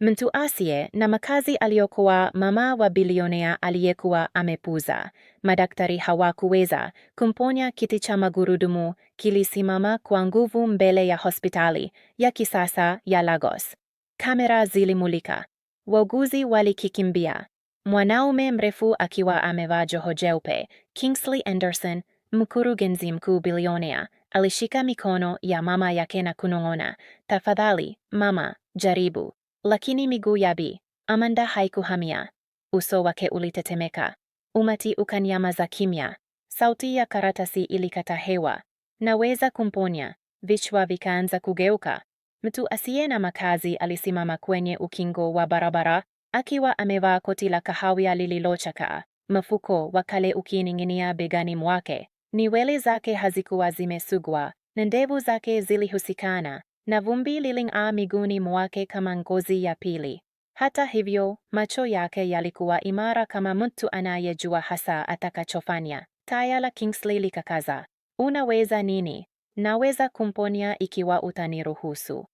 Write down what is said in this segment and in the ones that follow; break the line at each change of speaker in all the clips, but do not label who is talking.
mtu asiye na makazi aliyokuwa mama wa bilionea aliyekuwa amepuza. Madaktari hawakuweza kumponya. Kiti cha magurudumu kilisimama kwa nguvu mbele ya hospitali ya kisasa ya Lagos. Kamera zilimulika, wauguzi walikikimbia. Mwanaume mrefu akiwa amevaa joho jeupe, Kingsley Anderson, mkurugenzi mkuu bilionea, alishika mikono ya mama yake na kunong'ona, tafadhali mama, jaribu lakini miguu ya Bi Amanda haikuhamia. Uso wake ulitetemeka. Umati ukanyamaza kimya. Sauti ya karatasi ilikata hewa. Naweza kumponya. Vichwa vikaanza kugeuka. Mtu asiye na makazi alisimama kwenye ukingo wa barabara akiwa amevaa koti la kahawia lililochakaa, mfuko wa kale ukining'inia begani mwake. Nywele zake hazikuwa zimesugwa na ndevu zake zilihusikana, na vumbi liling'aa miguuni mwake kama ngozi ya pili. Hata hivyo, macho yake yalikuwa imara kama mtu anayejua hasa atakachofanya. Taya la Kingsley likakaza. Unaweza nini? Naweza kumponya ikiwa utaniruhusu.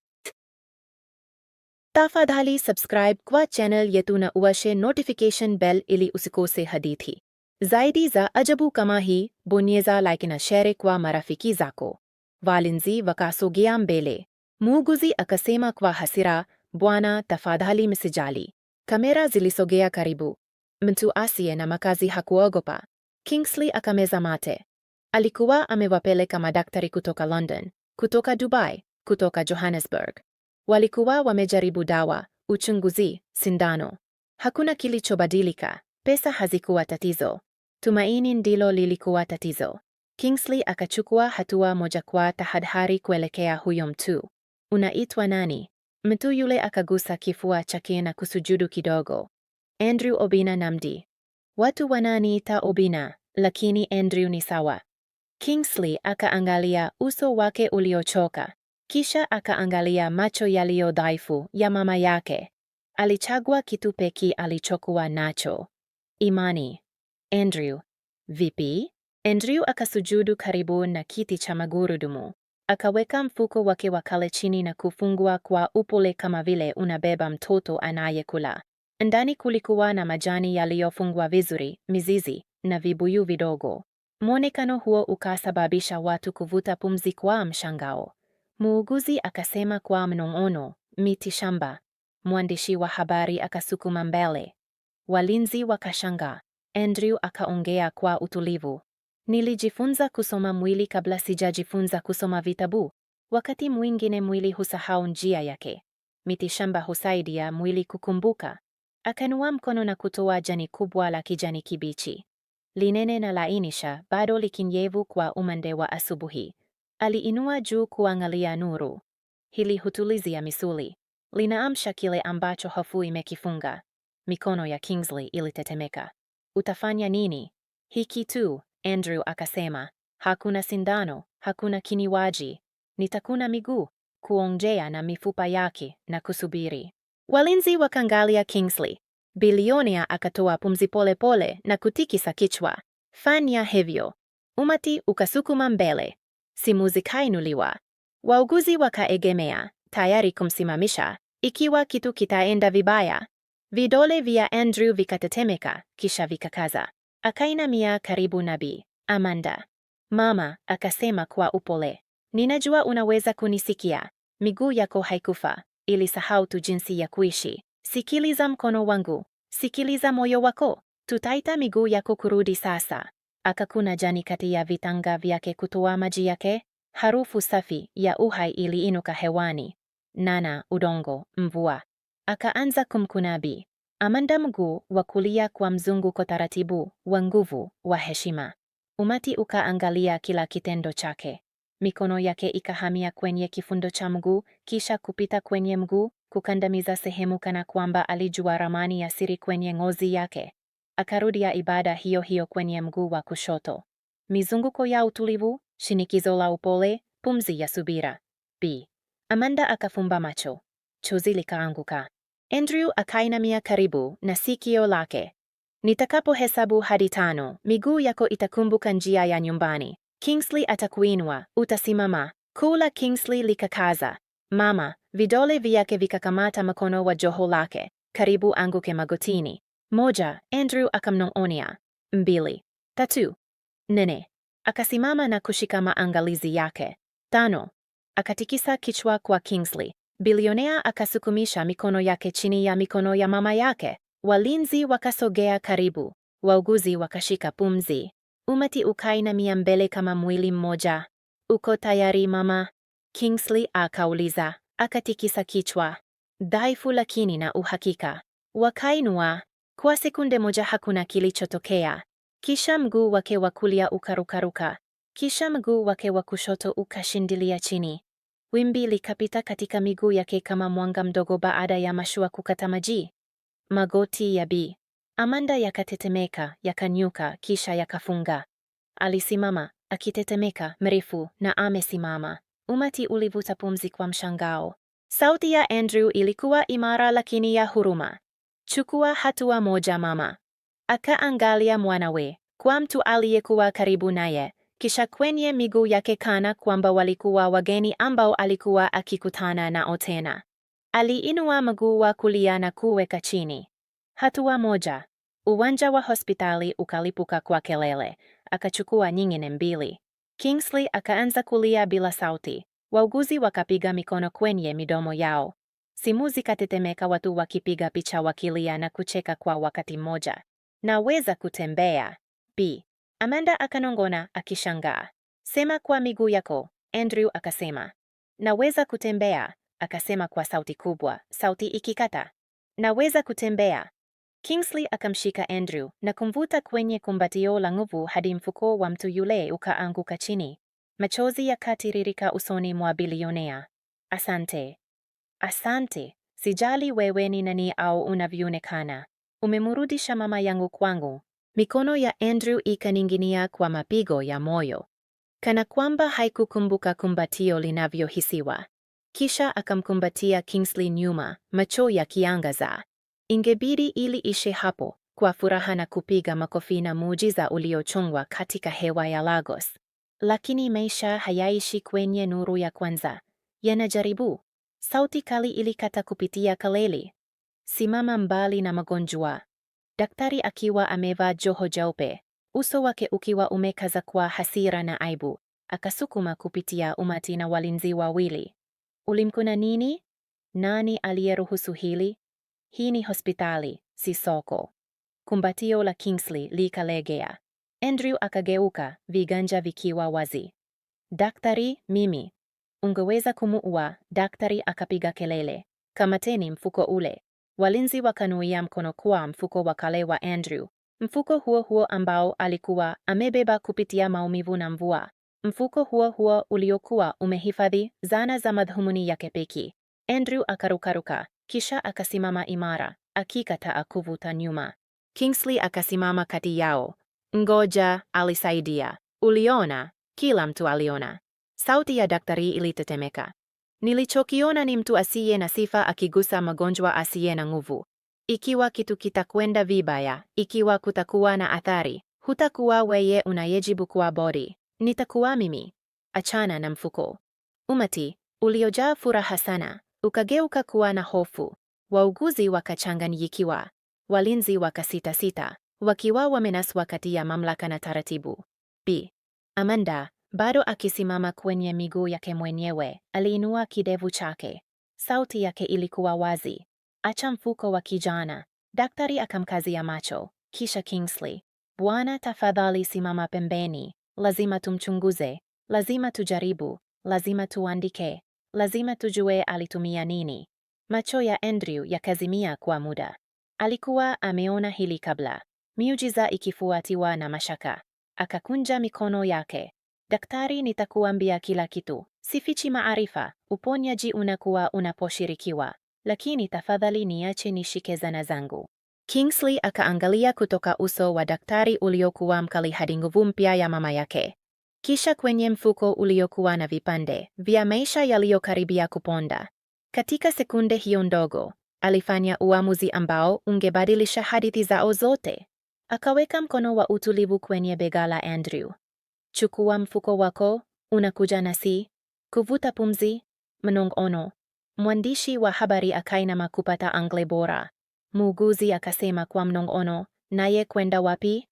Tafadhali subscribe kwa channel yetu na uwashe notification bell ili usikose hadithi zaidi za ajabu kama hii. Bonyeza like na share kwa marafiki zako. Walinzi wakasogea mbele. Muuguzi akasema kwa hasira, bwana, tafadhali msijali. Kamera zilisogea karibu. Mtu asiye na makazi hakuogopa. Kingsley akameza mate. Alikuwa amewapeleka madaktari kutoka London, kutoka Dubai, kutoka Johannesburg. Walikuwa wamejaribu dawa, uchunguzi, sindano. Hakuna kilichobadilika. Pesa hazikuwa tatizo, tumaini ndilo lilikuwa tatizo. Kingsley akachukua hatua moja kwa tahadhari kuelekea huyo mtu. Unaitwa nani? Mtu yule akagusa kifua chake na kusujudu kidogo. Andrew Obina Namdi. Watu wananiita Obina, lakini Andrew ni sawa. Kingsley akaangalia uso wake uliochoka, kisha akaangalia macho yaliyo dhaifu ya mama yake. Alichagua kitu pekee alichokuwa nacho, imani. Andrew, vipi? Andrew akasujudu karibu na kiti cha magurudumu. Akaweka mfuko wake wa kale chini na kufungua kwa upole kama vile unabeba mtoto anayekula. Ndani kulikuwa na majani yaliyofungwa vizuri, mizizi na vibuyu vidogo. Mwonekano huo ukasababisha watu kuvuta pumzi kwa mshangao. Muuguzi akasema kwa mnong'ono, miti shamba. Mwandishi wa habari akasukuma mbele. Walinzi wakashangaa. Andrew akaongea kwa utulivu. Nilijifunza kusoma mwili kabla sijajifunza kusoma vitabu. Wakati mwingine mwili husahau njia yake. Mitishamba husaidia mwili kukumbuka. Akanua mkono na kutoa jani kubwa la kijani kibichi, linene na lainisha, bado likinyevu kwa umande wa asubuhi. Aliinua juu kuangalia nuru. Hili hutulizia misuli, linaamsha kile ambacho hofu imekifunga. Mikono ya Kingsley ilitetemeka. Utafanya nini? Hiki tu Andrew akasema, hakuna sindano, hakuna kiniwaji, nitakuna miguu, kuongea na mifupa yake na kusubiri. Walinzi wakangalia Kingsley. Bilionea akatoa pumzi polepole pole na kutikisa kichwa. Fanya hivyo. Umati ukasukuma mbele. Simu zikainuliwa. Wauguzi wakaegemea, tayari kumsimamisha ikiwa kitu kitaenda vibaya. Vidole vya Andrew vikatetemeka, kisha vikakaza. Akainamia karibu na Bi Amanda. Mama akasema kwa upole, ninajua unaweza kunisikia, miguu yako haikufa, ilisahau tu jinsi ya kuishi. Sikiliza mkono wangu, sikiliza moyo wako, tutaita miguu yako kurudi sasa. Akakuna jani kati ya vitanga vyake kutoa maji yake. Harufu safi ya uhai iliinuka hewani. Nana, udongo, mvua. Akaanza kumkunabi Amanda mguu wa kulia kwa mzunguko taratibu, wa nguvu, wa heshima. Umati ukaangalia kila kitendo chake. Mikono yake ikahamia kwenye kifundo cha mguu, kisha kupita kwenye mguu, kukandamiza sehemu kana kwamba alijua ramani ya siri kwenye ngozi yake. Akarudia ibada hiyo hiyo kwenye mguu wa kushoto. Mizunguko ya utulivu, shinikizo la upole, pumzi ya subira. B. Amanda akafumba macho. Chozi likaanguka. Andrew akainamia karibu na sikio lake. nitakapo hesabu hadi tano, miguu yako itakumbuka njia ya nyumbani. Kingsley atakuinua, utasimama. Kula Kingsley likakaza. Mama, vidole vyake vikakamata mkono wa joho lake. Karibu anguke magotini. Moja, Andrew akamnong'onia. Mbili, tatu, nne. Akasimama na kushika maangalizi yake. Tano, akatikisa kichwa kwa Kingsley. Bilionea akasukumisha mikono yake chini ya mikono ya mama yake. Walinzi wakasogea karibu, wauguzi wakashika pumzi. Umati ukainamia mbele kama mwili mmoja. Uko tayari mama? Kingsley akauliza, akatikisa kichwa, dhaifu lakini na uhakika. Wakainua. Kwa sekunde moja hakuna kilichotokea. Kisha mguu wake wa kulia ukarukaruka, kisha mguu wake wa kushoto ukashindilia chini. Wimbi likapita katika miguu yake kama mwanga mdogo baada ya mashua kukata maji. Magoti ya Bi Amanda yakatetemeka, yakanyuka, kisha yakafunga. Alisimama akitetemeka, mrefu na amesimama. Umati ulivuta pumzi kwa mshangao. Sauti ya Andrew ilikuwa imara lakini ya huruma. Chukua hatua moja mama. Akaangalia mwanawe kwa mtu aliyekuwa karibu naye, kisha kwenye miguu yake kana kwamba walikuwa wageni ambao alikuwa akikutana nao tena. Aliinua mguu wa kulia na kuweka chini. Hatua moja. Uwanja wa hospitali ukalipuka kwa kelele. Akachukua nyingine mbili. Kingsley akaanza kulia bila sauti. Wauguzi wakapiga mikono kwenye midomo yao, simu zikatetemeka, watu wakipiga picha wakilia na kucheka kwa wakati mmoja. Naweza kutembea. B Amanda akanong'ona akishangaa, sema kwa miguu yako. Andrew akasema, naweza kutembea, akasema kwa sauti kubwa, sauti ikikata, naweza kutembea. Kingsley akamshika Andrew na kumvuta kwenye kumbatio la nguvu hadi mfuko wa mtu yule ukaanguka chini, machozi yakatiririka usoni mwa bilionea. Asante, asante, sijali wewe ni nani au unavyoonekana, umemurudisha mama yangu kwangu. Mikono ya Andrew ikaning'inia kwa mapigo ya moyo, kana kwamba haikukumbuka kumbatio linavyohisiwa. Kisha akamkumbatia Kingsley nyuma, macho yakiangaza. Ingebidi ili ishe hapo kwa furaha na kupiga makofi na muujiza uliochongwa katika hewa ya Lagos. Lakini maisha hayaishi kwenye nuru ya kwanza, yanajaribu. Sauti kali ilikata kupitia kaleli, simama mbali na magonjwa daktari akiwa amevaa joho jeupe, uso wake ukiwa umekaza kwa hasira na aibu, akasukuma kupitia umati na walinzi wawili. Ulimkuna nini? Nani aliyeruhusu hili? Hii ni hospitali, si soko. Kumbatio la Kingsley likalegea. Andrew akageuka, viganja vikiwa wazi. Daktari, mimi. Ungeweza kumuua, daktari akapiga kelele. Kamateni mfuko ule. Walinzi wakanuia mkono kuwa mfuko wa kale wa Andrew, mfuko huo huo ambao alikuwa amebeba kupitia maumivu na mvua, mfuko huo huo uliokuwa umehifadhi zana za madhumuni yake pekee. Andrew akarukaruka, kisha akasimama imara, akikataa kuvuta nyuma. Kingsley akasimama kati yao. Ngoja, alisaidia. Uliona? Kila mtu aliona. Sauti ya daktari ilitetemeka. Nilichokiona ni mtu asiye na sifa akigusa magonjwa asiye na nguvu. Ikiwa kitu kitakwenda vibaya, ikiwa kutakuwa na athari, hutakuwa weye unayejibu kuwa bodi nitakuwa mimi. Achana na mfuko. Umati uliojaa furaha sana ukageuka kuwa na hofu. Wauguzi wakachanganyikiwa, walinzi wakasitasita, wakiwa wamenaswa kati ya mamlaka na taratibu. Bi Amanda bado akisimama kwenye miguu yake mwenyewe, aliinua kidevu chake. Sauti yake ilikuwa wazi. Acha mfuko wa kijana. Daktari akamkazia macho, kisha Kingsley. Bwana, tafadhali simama pembeni. Lazima tumchunguze, lazima tujaribu, lazima tuandike, lazima tujue alitumia nini. Macho ya Andrew yakazimia kwa muda. Alikuwa ameona hili kabla, miujiza ikifuatiwa na mashaka. Akakunja mikono yake, Daktari, nitakuambia kila kitu, sifichi maarifa. Uponyaji unakuwa unaposhirikiwa, lakini tafadhali niache nishike zana zangu. Kingsley akaangalia kutoka uso wa daktari uliokuwa mkali hadi nguvu mpya ya mama yake, kisha kwenye mfuko uliokuwa na vipande vya maisha yaliyokaribia kuponda. Katika sekunde hiyo ndogo, alifanya uamuzi ambao ungebadilisha hadithi zao zote. Akaweka mkono wa utulivu kwenye bega la Andrew chukua mfuko wako, unakuja nasi. Kuvuta pumzi, mnongono. Mwandishi wa habari akaina makupata Angle bora. Muuguzi akasema kwa mnongono, naye kwenda wapi?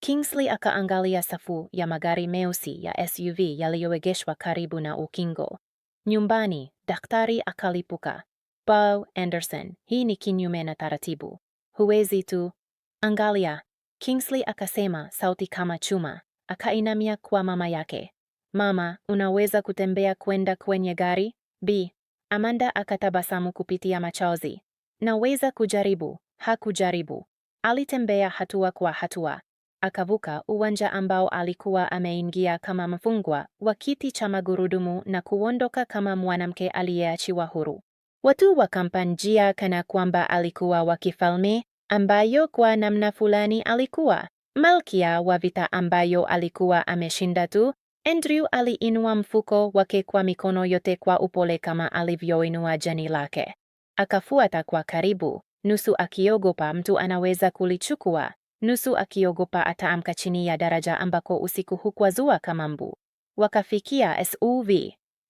Kingsley akaangalia safu ya magari meusi ya SUV yaliyoegeshwa karibu na ukingo. Nyumbani, daktari akalipuka. Bow Anderson, hii ni kinyume na taratibu. Huwezi tu. Angalia, Kingsley akasema, sauti kama chuma akainamia kwa mama yake. Mama, unaweza kutembea kwenda kwenye gari? Bi Amanda akatabasamu kupitia machozi. Naweza kujaribu. Hakujaribu, alitembea hatua kwa hatua, akavuka uwanja ambao alikuwa ameingia kama mfungwa wa kiti cha magurudumu na kuondoka kama mwanamke aliyeachiwa huru. Watu wakampa njia kana kwamba alikuwa wa kifalme, ambayo kwa namna fulani alikuwa malkia wa vita ambayo alikuwa ameshinda tu, Andrew aliinua mfuko wake kwa mikono yote kwa upole kama alivyoinua jani lake. Akafuata kwa karibu, nusu akiogopa mtu anaweza kulichukua, nusu akiogopa ataamka chini ya daraja ambako usiku hukwazua kama mbu. Wakafikia SUV.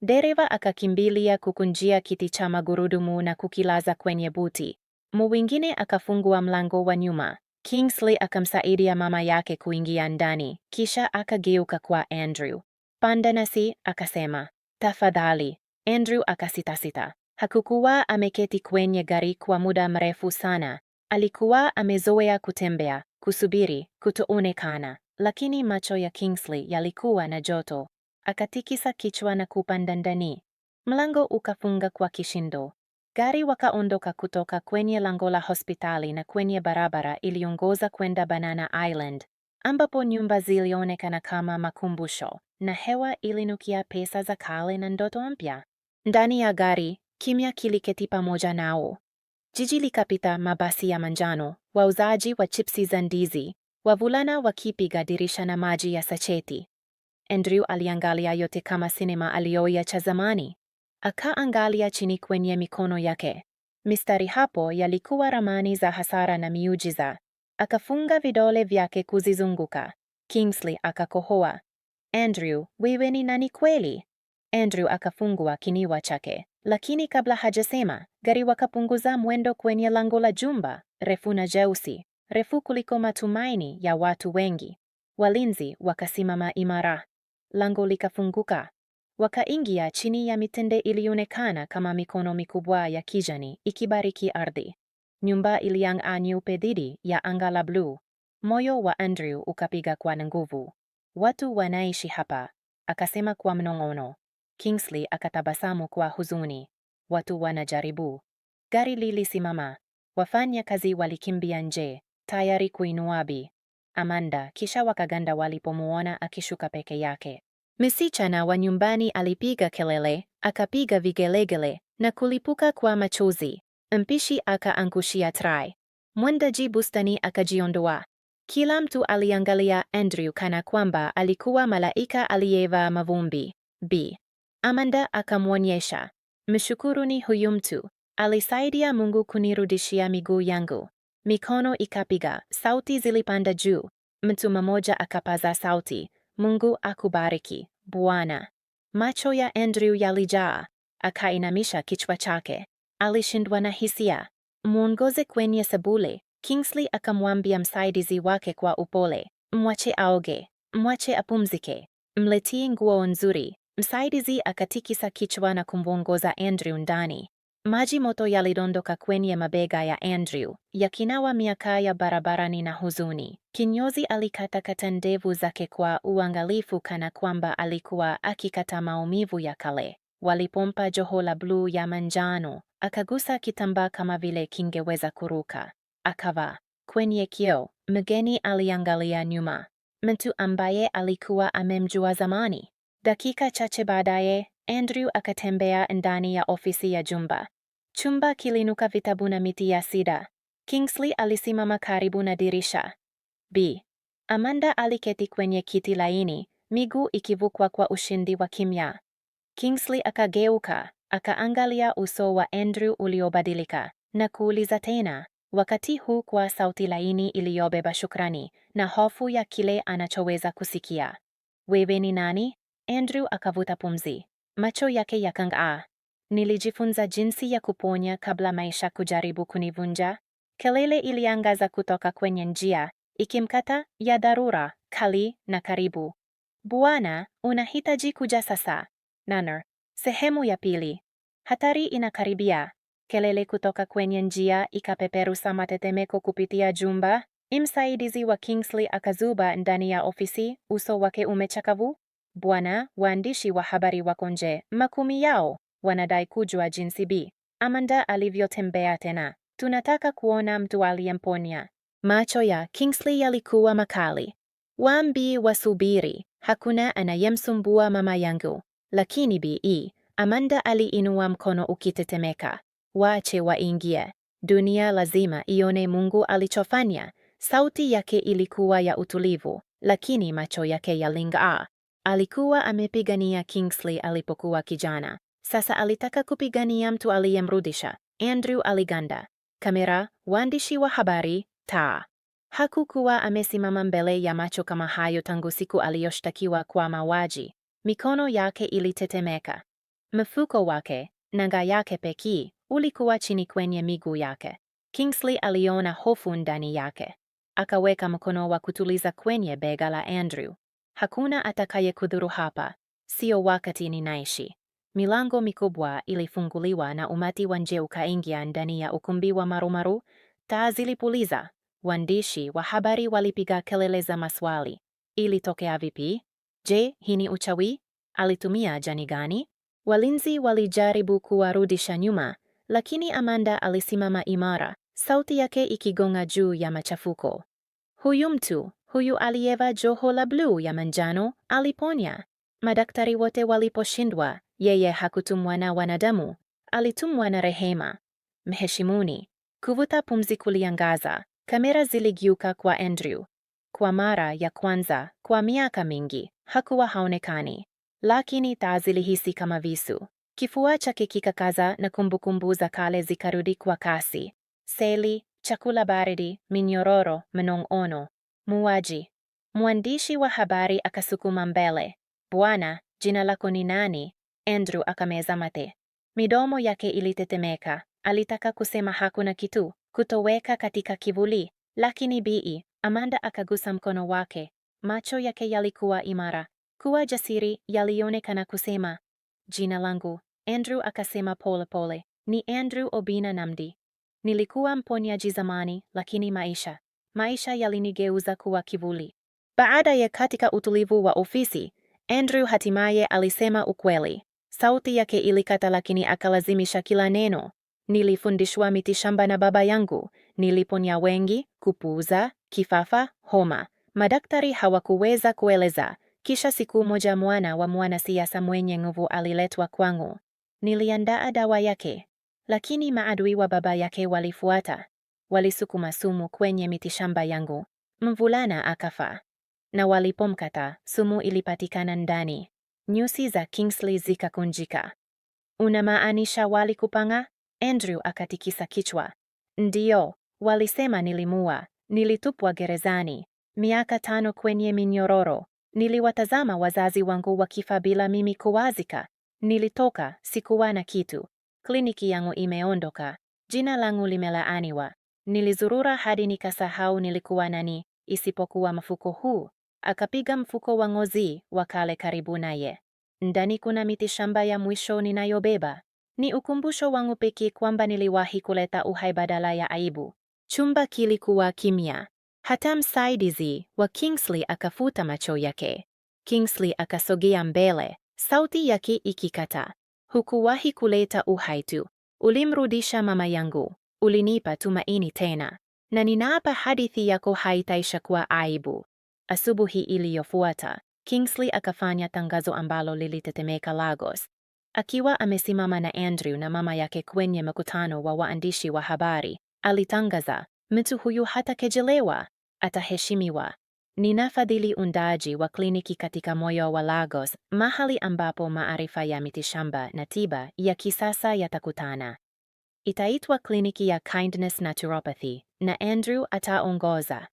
Dereva akakimbilia kukunjia kiti cha magurudumu na kukilaza kwenye buti. Mwingine akafungua mlango wa nyuma. Kingsley akamsaidia mama yake kuingia ndani, kisha akageuka kwa Andrew. Pandanasi akasema, tafadhali. Andrew akasitasita. Hakukuwa ameketi kwenye gari kwa muda mrefu sana. Alikuwa amezoea kutembea, kusubiri, kutoonekana, lakini macho ya Kingsley yalikuwa na joto. Akatikisa kichwa na kupanda ndani. Mlango ukafunga kwa kishindo. Gari wakaondoka kutoka kwenye lango la hospitali na kwenye barabara iliongoza kwenda Banana Island, ambapo nyumba zilionekana kama makumbusho na hewa ilinukia pesa za kale na ndoto mpya. Ndani ya gari kimya kiliketi pamoja nao. Jiji likapita mabasi ya manjano, wauzaji wa chipsi za ndizi, wavulana wakipiga dirisha na maji ya sacheti. Andrew aliangalia yote kama sinema aliyoiacha zamani akaangalia chini kwenye mikono yake. Mistari hapo yalikuwa ramani za hasara na miujiza. Akafunga vidole vyake kuzizunguka. Kingsley akakohoa. Andrew, wewe ni nani kweli? Andrew akafungua kiniwa chake, lakini kabla hajasema, gari wakapunguza mwendo kwenye lango la jumba refu na jeusi, refu kuliko matumaini ya watu wengi. Walinzi wakasimama imara, lango likafunguka. Wakaingia chini ya mitende ilionekana kama mikono mikubwa ya kijani ikibariki ardhi. Nyumba iliang'aa nyeupe dhidi ya anga la bluu. Moyo wa Andrew ukapiga kwa nguvu. Watu wanaishi hapa, akasema kwa mnong'ono. Kingsley akatabasamu kwa huzuni. Watu wanajaribu. Gari lilisimama. Wafanyakazi walikimbia nje, tayari kuinua Bi Amanda, kisha wakaganda walipomuona akishuka peke yake. Msichana wa nyumbani alipiga kelele, akapiga vigelegele na kulipuka kwa machozi. Mpishi akaangushia trai. Mwendaji bustani akajiondoa. Kila mtu aliangalia Andrew kana kwamba alikuwa malaika aliyevaa mavumbi. B. Amanda akamwonyesha, mshukuruni huyu mtu, alisaidia Mungu kunirudishia miguu yangu. Mikono ikapiga, sauti zilipanda juu. Mtu mmoja akapaza sauti, Mungu akubariki, Bwana. Macho ya Andrew yalijaa, akainamisha kichwa chake. Alishindwa na hisia. Mwongoze kwenye sebule, Kingsley akamwambia msaidizi wake kwa upole. Mwache aoge, mwache apumzike, mletie nguo nzuri. Msaidizi akatikisa kichwa na kumwongoza Andrew ndani. Maji moto yalidondoka kwenye mabega ya Andrew, yakinawa miaka ya barabarani na huzuni. Kinyozi alikatakata ndevu zake kwa uangalifu kana kwamba alikuwa akikata maumivu ya kale. Walipompa joho la bluu ya manjano, akagusa kitambaa kama vile kingeweza kuruka. Akavaa. Kwenye kioo, mgeni aliangalia nyuma. Mtu ambaye alikuwa amemjua zamani. Dakika chache baadaye, Andrew akatembea ndani ya ofisi ya jumba. Chumba kilinuka vitabu na miti ya sida. Kingsley alisimama karibu na dirisha. B. Amanda aliketi kwenye kiti laini, miguu ikivukwa kwa ushindi wa kimya. Kingsley akageuka, akaangalia uso wa Andrew uliobadilika na kuuliza tena, wakati huu kwa sauti laini iliyobeba shukrani na hofu ya kile anachoweza kusikia. Wewe ni nani? Andrew akavuta pumzi. Macho yake yakang'aa. Nilijifunza jinsi ya kuponya kabla maisha kujaribu kunivunja. Kelele iliangaza kutoka kwenye njia, ikimkata ya dharura, kali na karibu. Bwana, unahitaji kuja sasa. Nanner. Sehemu ya pili. Hatari inakaribia. Kelele kutoka kwenye njia ikapeperusa matetemeko kupitia jumba. Msaidizi wa Kingsley akazuba ndani ya ofisi, uso wake umechakavu, Bwana, waandishi wa habari wako nje, makumi yao wanadai kujua jinsi Bi Amanda alivyotembea tena. Tunataka kuona mtu aliyemponya. Macho ya Kingsley yalikuwa makali. Waambi wasubiri, hakuna anayemsumbua mama yangu. Lakini Bi e. Amanda aliinua mkono ukitetemeka. Waache waingie, dunia lazima ione Mungu alichofanya. Sauti yake ilikuwa ya utulivu, lakini macho yake yaling'aa. Alikuwa amepigania Kingsley alipokuwa kijana. Sasa alitaka kupigania mtu aliyemrudisha. Andrew aliganda. Kamera, waandishi wa habari, taa. Hakukuwa amesimama mbele ya macho kama hayo tangu siku aliyoshtakiwa kwa mauaji. Mikono yake ilitetemeka. Mfuko wake, nanga yake pekee, ulikuwa chini kwenye miguu yake. Kingsley aliona hofu ndani yake. Akaweka mkono wa kutuliza kwenye bega la Andrew. Hakuna atakayekudhuru hapa, sio wakati ninaishi. Milango mikubwa ilifunguliwa na umati wa nje ukaingia ndani ya ukumbi wa marumaru. Taa zilipuliza, waandishi wa habari walipiga kelele za maswali. Ilitokea vipi? Je, hii ni uchawi? Alitumia jani gani? Walinzi walijaribu kuwarudisha nyuma, lakini Amanda alisimama imara, sauti yake ikigonga juu ya machafuko. Huyu mtu huyu aliyeva joho la bluu ya manjano aliponya. Madaktari wote waliposhindwa, yeye hakutumwa na wanadamu, alitumwa na rehema. Mheshimuni. Kuvuta pumzi kuliangaza. Kamera ziligiuka kwa Andrew. Kwa mara ya kwanza kwa miaka mingi hakuwa haonekani, lakini taa zilihisi kama visu. Kifua chake kikakaza na kumbukumbu za kale zikarudi kwa kasi: seli, chakula baridi, minyororo, mnong'ono, muwaji Mwandishi wa habari akasukuma mbele. Bwana, jina lako ni nani? Andrew akameza mate. Midomo yake ilitetemeka. Alitaka kusema hakuna kitu, kutoweka katika kivuli, lakini Bi e, Amanda akagusa mkono wake. Macho yake yalikuwa imara, kuwa jasiri, yalionekana kusema, jina langu. Andrew akasema polepole, ni Andrew Obina Namdi. Nilikuwa mponyaji zamani, lakini maisha maisha yalinigeuza kuwa kivuli. Baada ya katika utulivu wa ofisi, Andrew hatimaye alisema ukweli. Sauti yake ilikata, lakini akalazimisha kila neno. Nilifundishwa mitishamba na baba yangu, niliponya wengi, kupuuza, kifafa, homa. Madaktari hawakuweza kueleza. Kisha siku moja mwana wa mwanasiasa mwenye nguvu aliletwa kwangu. Niliandaa dawa yake, lakini maadui wa baba yake walifuata walisukuma sumu kwenye mitishamba yangu. Mvulana akafa, na walipomkata sumu ilipatikana ndani. Nyusi za Kingsley zikakunjika. Unamaanisha walikupanga? Andrew akatikisa kichwa. Ndiyo, walisema nilimua, nilitupwa gerezani miaka tano kwenye minyororo. Niliwatazama wazazi wangu wakifa bila mimi kuwazika. Nilitoka, sikuwa na kitu. Kliniki yangu imeondoka, jina langu limelaaniwa. Nilizurura hadi nikasahau nilikuwa nani, isipokuwa mfuko huu. Akapiga mfuko wa ngozi wa kale karibu naye. Ndani kuna miti shamba ya mwisho ninayobeba. Ni ukumbusho wangu pekee kwamba niliwahi kuleta uhai badala ya aibu. Chumba kilikuwa kimya. Hata msaidizi wa Kingsley akafuta macho yake. Kingsley akasogea mbele, sauti yake ikikata. Hukuwahi kuleta uhai tu, ulimrudisha mama yangu. Ulinipa tumaini tena, na ninaapa hadithi yako haitaisha kuwa aibu. Asubuhi iliyofuata, Kingsley akafanya tangazo ambalo lilitetemeka Lagos. Akiwa amesimama na Andrew na mama yake kwenye mkutano wa waandishi wa habari, alitangaza, mtu huyu hatakejelewa, ataheshimiwa. Ninafadhili undaji wa kliniki katika moyo wa Lagos, mahali ambapo maarifa ya mitishamba na tiba ya kisasa yatakutana. Itaitwa kliniki ya Kindness Naturopathy na Andrew ataongoza.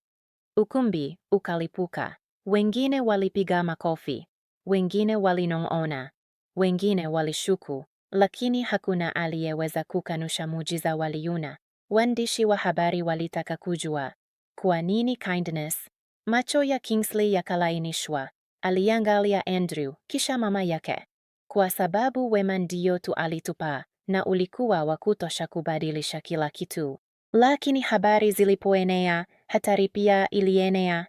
Ukumbi ukalipuka. Wengine walipiga makofi, wengine walinong'ona, wengine walishuku, lakini hakuna aliyeweza kukanusha muujiza waliuna. Liuna. Waandishi wa habari walitaka kujua kwa nini Kindness. Macho ya Kingsley yakalainishwa. Aliangalia Andrew, kisha mama yake. Kwa sababu wema ndiyo tu alitupa na ulikuwa wa kutosha kubadilisha kila kitu. Lakini habari zilipoenea, hatari pia ilienea.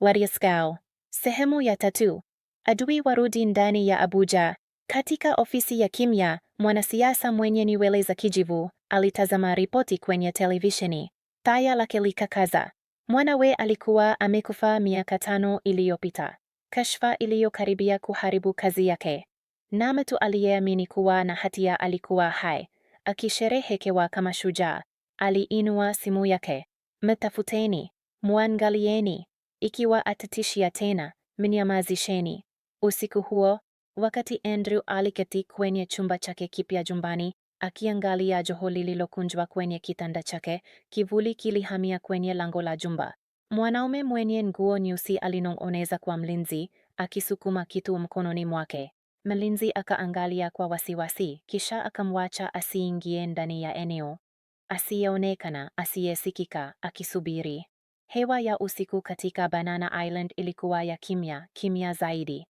Wariaskau, sehemu ya tatu. Adui warudi ndani ya Abuja. Katika ofisi ya kimya, mwanasiasa mwenye nywele za kijivu alitazama ripoti kwenye televisheni. Taya lake likakaza. Mwanawe alikuwa amekufa miaka tano iliyopita, kashfa iliyokaribia kuharibu kazi yake na mtu aliyeamini kuwa na hatia alikuwa hai akisherehekewa kama shujaa. Aliinua simu yake, mtafuteni, mwangalieni, ikiwa atatishia tena, mnyamazisheni. Usiku huo wakati Andrew aliketi kwenye chumba chake kipya jumbani, akiangalia joho lililokunjwa kwenye kitanda chake, kivuli kilihamia kwenye lango la jumba. Mwanaume mwenye nguo nyeusi alinong'oneza kwa mlinzi, akisukuma kitu mkononi mwake. Mlinzi akaangalia kwa wasiwasi, kisha akamwacha asiingie ndani ya eneo asiyeonekana, asiyesikika, akisubiri. Hewa ya usiku katika Banana Island ilikuwa ya kimya kimya zaidi.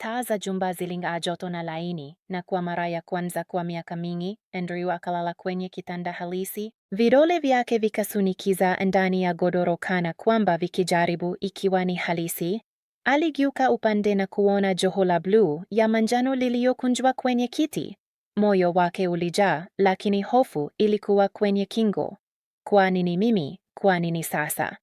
Taa za jumba ziling'aa joto na laini, na kwa mara ya kwanza kwa miaka mingi Andrew akalala kwenye kitanda halisi, vidole vyake vikasunikiza ndani ya godoro kana kwamba vikijaribu ikiwa ni halisi Aligeuka upande na kuona joho la bluu ya manjano liliyokunjwa kwenye kiti. Moyo wake ulijaa, lakini hofu ilikuwa kwenye kingo. Kwa nini mimi? Kwa nini sasa?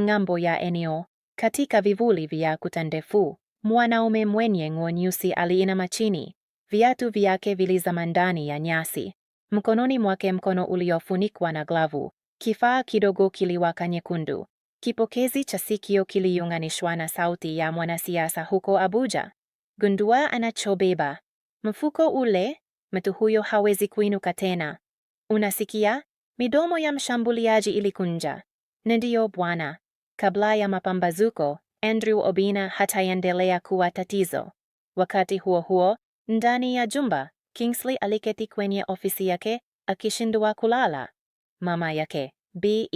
Ng'ambo ya eneo, katika vivuli vya kuta ndefu, mwanaume mwenye nguo nyeusi aliinama chini. Viatu vyake vilizama ndani ya nyasi. Mkononi mwake mkono uliofunikwa na glavu, kifaa kidogo kiliwaka nyekundu. Kipokezi cha sikio kiliunganishwa na sauti ya mwanasiasa huko Abuja. Gundua anachobeba mfuko ule, mtu huyo hawezi kuinuka tena. Unasikia? Midomo ya mshambuliaji ilikunja. Na ndiyo bwana, kabla ya mapambazuko, Andrew Obina hataendelea kuwa tatizo. Wakati huo huo, ndani ya jumba, Kingsley aliketi kwenye ofisi yake akishindwa kulala. Mama yake be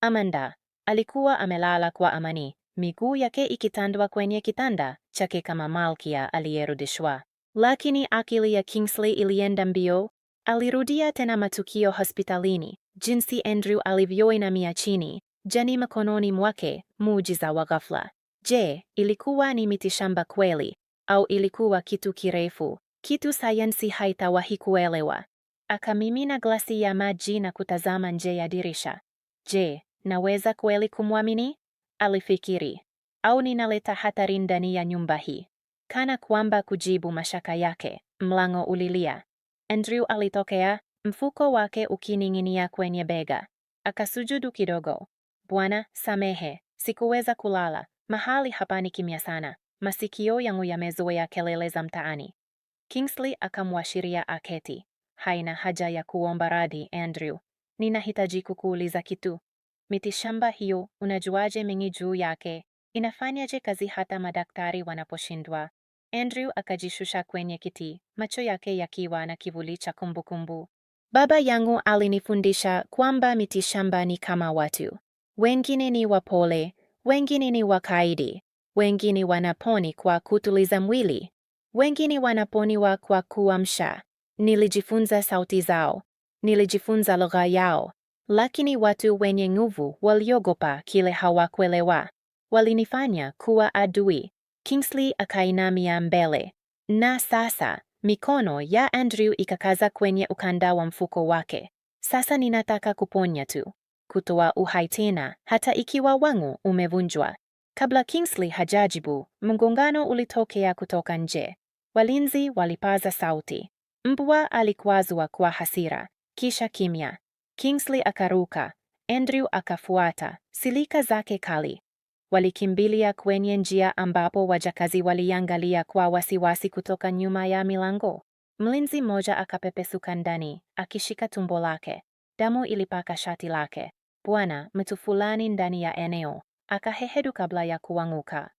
Amanda Alikuwa amelala kwa amani, miguu yake ikitandwa kwenye kitanda chake kama malkia aliyerudishwa. Lakini akili ya Kingsley ilienda mbio. Alirudia tena matukio hospitalini, jinsi Andrew alivyoinamia chini, jani mkononi mwake, muujiza wa ghafla. Je, ilikuwa ni mitishamba kweli au ilikuwa kitu kirefu, kitu sayansi haitawahi kuelewa? Akamimina glasi ya maji na kutazama nje ya dirisha. Je, naweza kweli kumwamini? Alifikiri, au ninaleta hatari ndani ya nyumba hii? Kana kwamba kujibu mashaka yake, mlango ulilia. Andrew alitokea, mfuko wake ukining'inia kwenye bega. Akasujudu kidogo. Bwana, samehe, sikuweza kulala. Mahali hapa ni kimya sana, masikio yangu yamezoea kelele za mtaani. Kingsley akamwashiria aketi. Haina haja ya kuomba radhi, Andrew. Ninahitaji kukuuliza kitu miti shamba hiyo, unajuaje mengi juu yake? Inafanyaje kazi hata madaktari wanaposhindwa? Andrew akajishusha kwenye kiti, macho yake yakiwa na kivuli cha kumbukumbu. Baba yangu alinifundisha kwamba miti shamba ni kama watu, wengine ni wapole, wengine ni wakaidi, wengine wanaponi kwa kutuliza mwili, wengine wanaponiwa kwa kuamsha. Nilijifunza sauti zao, nilijifunza lugha yao, lakini watu wenye nguvu waliogopa kile hawakuelewa, walinifanya kuwa adui. Kingsley akainamia mbele, na sasa mikono ya Andrew ikakaza kwenye ukanda wa mfuko wake. Sasa ninataka kuponya tu, kutoa uhai tena, hata ikiwa wangu umevunjwa. Kabla Kingsley hajajibu, mgongano ulitokea kutoka nje. Walinzi walipaza sauti. Mbwa alikwazwa kwa hasira, kisha kimya. Kingsley akaruka, Andrew akafuata, silika zake kali. Walikimbilia kwenye njia ambapo wajakazi waliangalia kwa wasiwasi kutoka nyuma ya milango. Mlinzi mmoja akapepesuka ndani, akishika tumbo lake. Damu ilipaka shati lake. Bwana, mtu fulani ndani ya eneo, akahehedu kabla ya kuanguka.